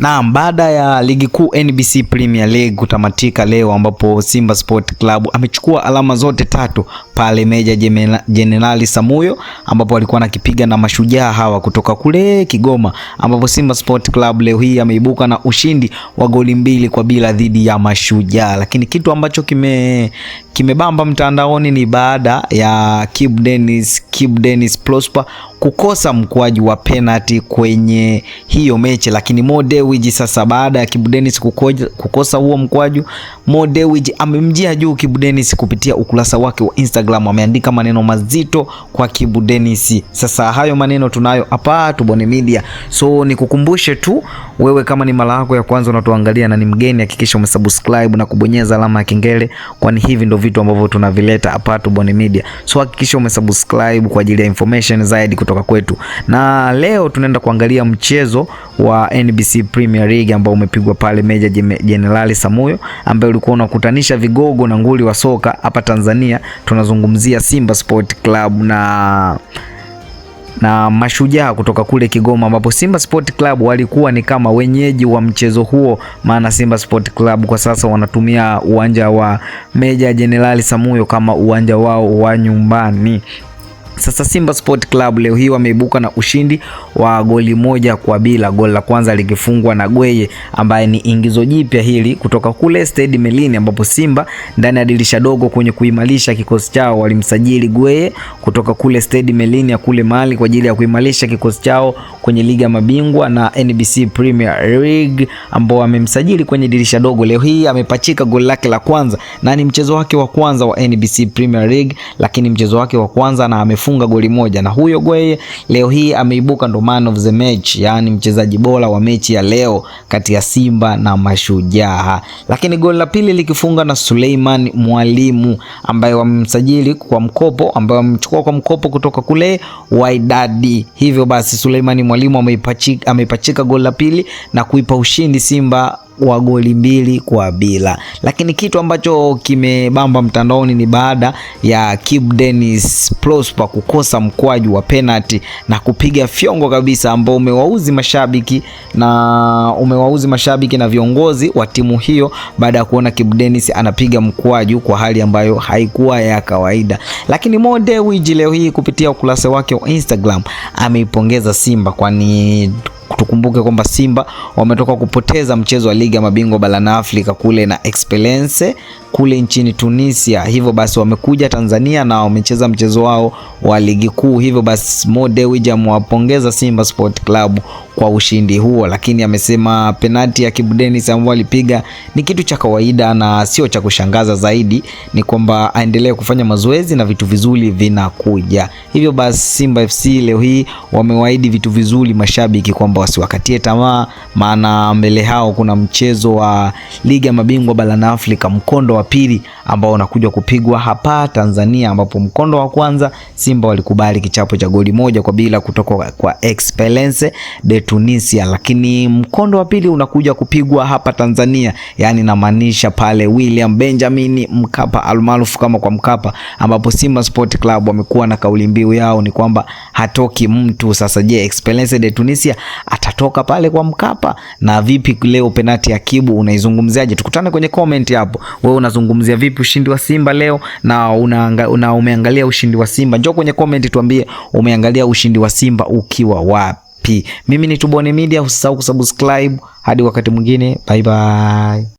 Naam, baada ya ligi kuu NBC Premier League kutamatika leo ambapo Simba Sport Club amechukua alama zote tatu pale Meja Jenerali Samuyo ambapo alikuwa anakipiga na mashujaa hawa kutoka kule Kigoma, ambapo Simba Sport Club leo hii ameibuka na ushindi wa goli mbili kwa bila dhidi ya mashujaa. Lakini kitu ambacho kime kimebamba mtandaoni ni baada ya Kib Dennis, Kib Dennis Prosper kukosa mkwaju wa penalti kwenye hiyo mechi, lakini Mo Dewji sasa baada ya Kibu kukosa huo mkwaju Mo Dewji amemjia juu Kibu Denis kupitia ukurasa wake wa Instagram, ameandika maneno mazito kwa Kibu Denis. Sasa hayo maneno tunayo hapa Tubone Media. So nikukumbushe tu wewe, kama ni mara yako ya kwanza unatuangalia na ni mgeni, hakikisha umesubscribe na kubonyeza alama ya kengele, kwani hivi ndio vitu ambavyo tunavileta hapa Tubone Media. So hakikisha umesubscribe kwa ajili ya information zaidi kutoka kwetu, na leo tunaenda kuangalia mchezo wa NBC Premier League ambao umepigwa pale Meja Jenerali Samuyo ambaye ulikuwa unakutanisha vigogo na nguli wa soka hapa Tanzania. Tunazungumzia Simba Sport Club na na mashujaa kutoka kule Kigoma, ambapo Simba Sport Club walikuwa ni kama wenyeji wa mchezo huo, maana Simba Sport Club kwa sasa wanatumia uwanja wa Meja Jenerali Samuyo kama uwanja wao wa nyumbani. Sasa Simba Sport Club leo hii wameibuka na ushindi wa goli moja kwa bila, goli la kwanza likifungwa na Gweye ambaye ni ingizo jipya hili kutoka kule Stade Melini, ambapo Simba ndani ya dirisha dogo kwenye kuimarisha kikosi chao walimsajili Gweye kutoka kule Stade Melini ya kule Mali kwa ajili ya kuimarisha kikosi chao kwenye ligi ya mabingwa na NBC Premier League ambao wamemsajili kwenye dirisha dogo. Leo hii amepachika goli lake la kwanza na ni mchezo wake wa kwanza wa NBC Premier League, lakini mchezo wake wa kwanza na amefunga amefunga goli moja, na huyo Gueye leo hii ameibuka ndo man of the match, yani mchezaji bora wa mechi ya leo kati ya Simba na Mashujaa. Lakini goli la pili likifunga na Suleiman Mwalimu ambaye wamemsajili kwa mkopo, ambaye wamemchukua kwa mkopo kutoka kule Wydad. Hivyo basi Suleiman Mwalimu ameipachika, ameipachika goli la pili na kuipa ushindi Simba wa goli mbili kwa bila. Lakini kitu ambacho kimebamba mtandaoni ni baada ya Kibu Denis Prosper kukosa mkwaju wa penalti na kupiga fyongo kabisa, ambao umewauzi mashabiki na umewauzi mashabiki na viongozi wa timu hiyo baada ya kuona Kibu Denis anapiga mkwaju kwa hali ambayo haikuwa ya kawaida. Lakini Mo Dewji leo hii kupitia ukurasa wake wa Instagram ameipongeza Simba kwani tukumbuke kwamba Simba wametoka kupoteza mchezo wa ligi ya mabingwa barani Afrika kule na Esperance kule nchini Tunisia. Hivyo basi wamekuja Tanzania na wamecheza mchezo wao wa ligi kuu. Hivyo basi Mo Dewji amewapongeza Simba Sport Club kwa ushindi huo, lakini amesema penati ya Kibu Denis ambayo alipiga ni kitu cha kawaida na sio cha kushangaza. Zaidi ni kwamba aendelee kufanya mazoezi na vitu vizuri vinakuja. Hivyo basi Simba FC leo hii wamewaahidi vitu vizuri mashabiki kwamba wasiwakatie tamaa, maana mbele hao kuna mchezo wa ligi ya mabingwa barani Afrika mkondo wa pili ambao unakuja kupigwa hapa Tanzania, ambapo mkondo wa kwanza Simba walikubali kichapo cha goli moja kwa bila kutoka kwa Esperance de Tunisia, lakini mkondo wa pili unakuja kupigwa hapa Tanzania, yani namaanisha pale William Benjamin Mkapa almaarufu kama kwa Mkapa, ambapo Simba Sport Club wamekuwa na kauli mbiu yao ni kwamba hatoki mtu. Sasa je, Esperance de Tunisia atatoka pale kwa Mkapa? Na vipi leo penati ya Kibu unaizungumziaje? Tukutane kwenye comment hapo wewe una unazungumzia vipi ushindi wa Simba leo na, una, una umeangalia ushindi wa Simba? Njoo kwenye comment tuambie umeangalia ushindi wa Simba ukiwa wapi. Mimi ni Tubone Media, usisahau kusubscribe. Hadi wakati mwingine, bye bye.